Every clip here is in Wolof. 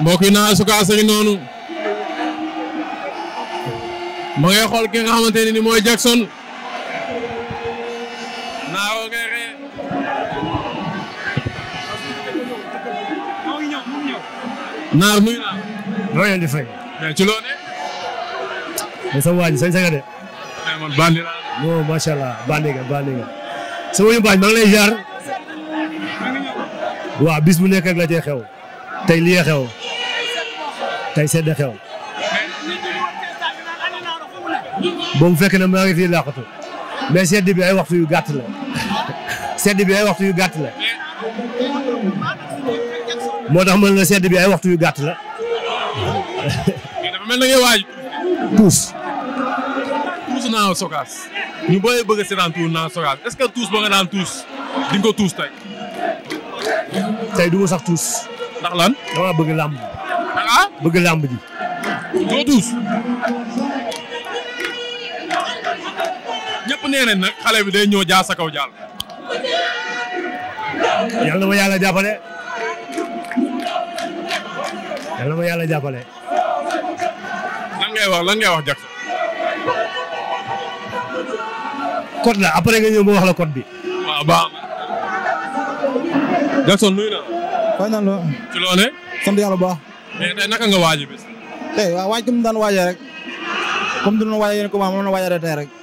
mbokk yi naa sukaas a noonu ma ngay xool ki nga xamante ne ni mooy Jackson naa woo ngay xee naar nuyu naa noo ngeen di fay eh, ci loo ne mais sa waañ sañ saga de eh, man bandi laa non macha allah bandi nga bandi nga sama lay jaar waaw bis bu nekk la cee xew tey lii tey sedd xew. ba fekk na maa ngi fi làqatu mais sedd bi ay waxtu yu gàtt la sedd bi ay waxtu yu gàtt la moo tax mën na sedd bi ay waxtu yu gàtt la. mel na ngay waaj. tuus. tuus naa sokaas ñu booy bëgg a tuus naa sokaas est tuus ba nga daan tuus di ko tuus tey. tey du sax tuus. ndax lan dama bëgg làmb. Ah? bëgg làmb ji. doo duus. ñëpp nee xale bi day ñëw jaar sa kaw jaal. yal na ma yàlla jàppale. yal na ma yàlla jàppale. lan ngay wax lan ngay wax Jackson. code la après nga ñëw ma wax la code bi. waaw nuyu naa. fay naa la. ci loone sant yàlla baax. mais eh, tey eh, naka nga waaj bis. tey eh, waaw waaj comme daan waajee rek comme dinañ waajee yéen comment mënoon a waajee tey rek. Mm.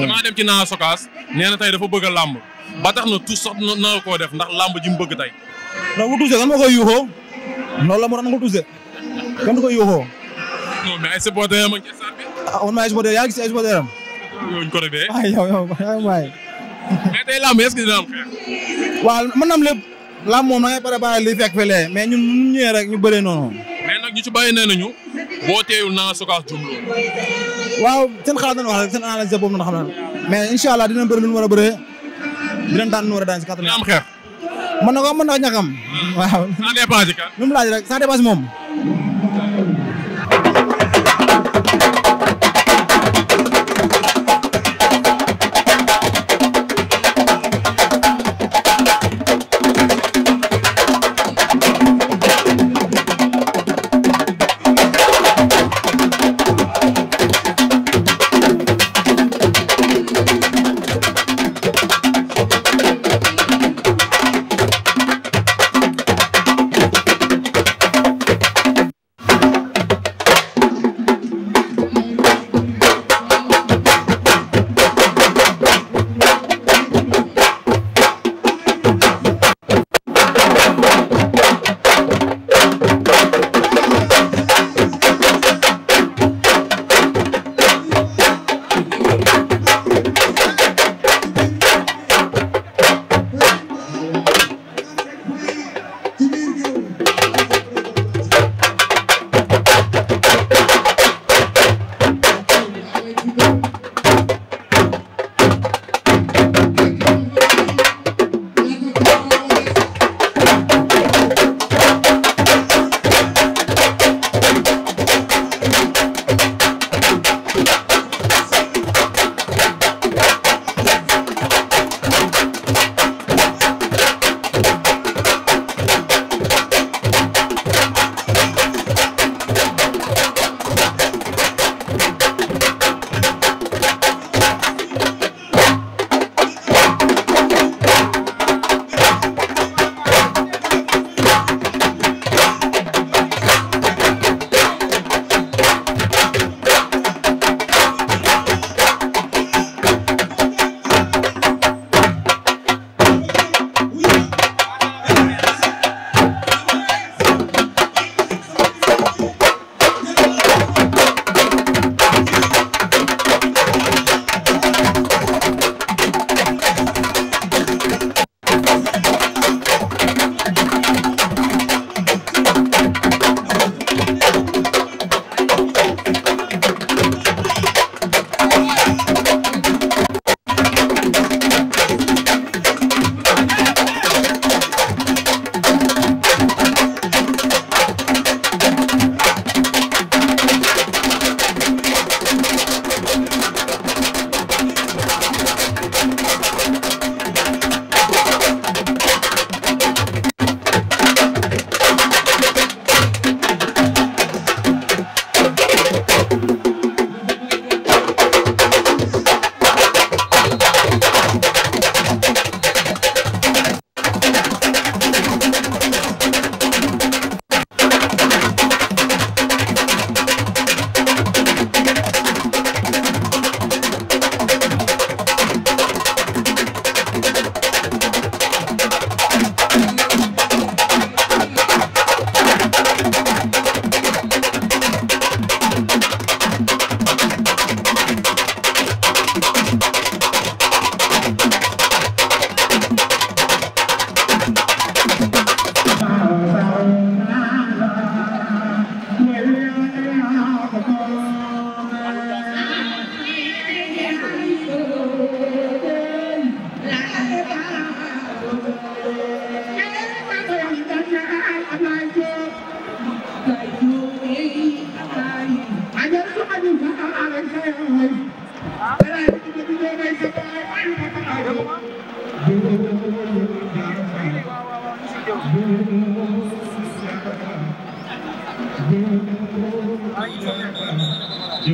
damaa dem ci naa sokaas nee na tey dafa bëgg a làmb ba tax na tout sox na koo def ndax làmb ji mu bëgg tey. non bu tuusee kan ma koy yuuxoo loolu la moo tax nga ko tuusee kan du koy yuuxoo. non mais ah, yaa gis ay supporters am. yow ñu ko rek lam moom da ngay pare bàyyi liy fekk fële mais ñun ñu ñëwee rek ñu bëree noonu. mais nag ñu ci bàyyi nee nañu boo teeyul naa sokaas jumlo. waaw seen xaalis nañu wax rek seen analyse boobu noonu xam naa mais incha allah dinañ bëri lu ñu war a bëree dinañ daan nu war a daan si kattan. am xeex. mën na ko mën na ko ñàkkam. Hmm. waaw. ça dépend si kan. lu mu laaj rek ça dépend si moom. Thank you.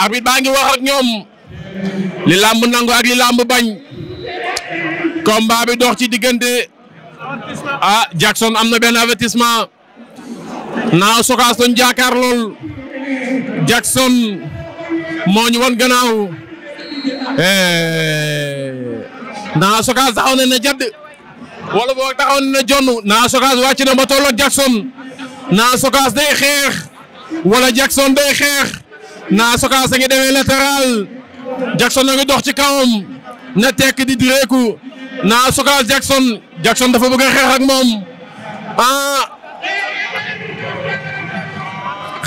arbitre baa ngi wax ak ñoom li làmb nangu ak li làmb bañ combat bi dox ci diggante ah Jackson am na benn avertissement naaw sokaas doon jaakaar lool Jackson moo ñu won gannaaw eh, naaw sokaas taxaw na ne jadd wala boog taxaw na ne jonn naaw sokaas wàcc na ba tolloog Jackson naa sokaas day xeex wala Jackson day xeex naa sokaas a ngi demee latéral Jackson a ngi dox ci kawam na tekk di direeku naa sokaas Jackson Jackson dafa bëgg a xeex ak moom ah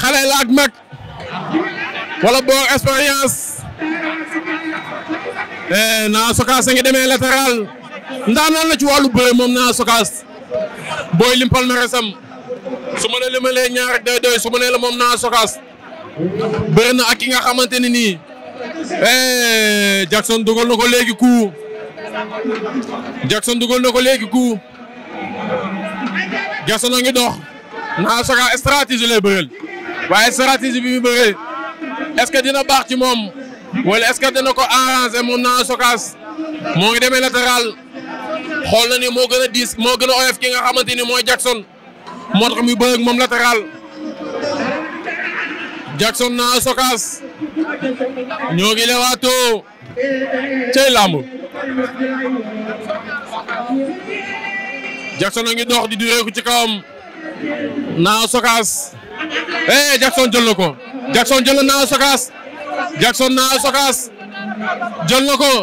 xale la ak mag wala boog expérience eh, naa sokaas a ngi demee latéral ndaanaan la ci wàllu bëre moom naa sokaas booy limpal na resam su ma la limalee ñaar day doy su ma nee la moom naa soxaas bëri na ak ki nga xamante ne nii eh, Jackson dugal na ko léegi ku Jackson dugal na ko léegi ku Jackson a ngi dox naa soxaas stratégie lay bëreel waaye stratégie bi mu bëree est-ce que dina baax ci moom wala est-ce que dina ko arranger moom naa soxaas moo ngi demee latéral xool na ni moo gën a dis moo gën a oyof ki nga xamante ni mooy Jackson. moo tax muy bëre moom latéral Jackson na Sokaas ñoo ngi lewaatoo cey làmb Jackson a ngi dox di dureeku ci kawam na sokas eh Jackson jël na ko Jackson jël na na Sokaas Jackson na Sokaas jël na ko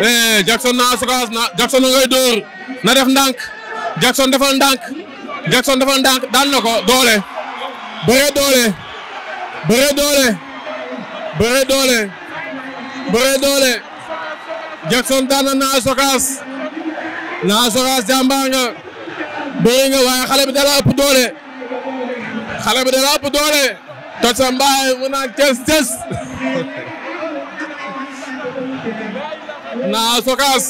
eh na Sokaas a ngay na def ndànk Jackson defal ndànk Jackson dafa ndànk daan na ko doole bëre doole bëre doole bëre doole Jackson daan na naa sokaas naa sokaas jàmbaar nga nga waaye xale bi dala ëpp doole xale bi dala ëpp doole toj sa naan tes tes naa sokaas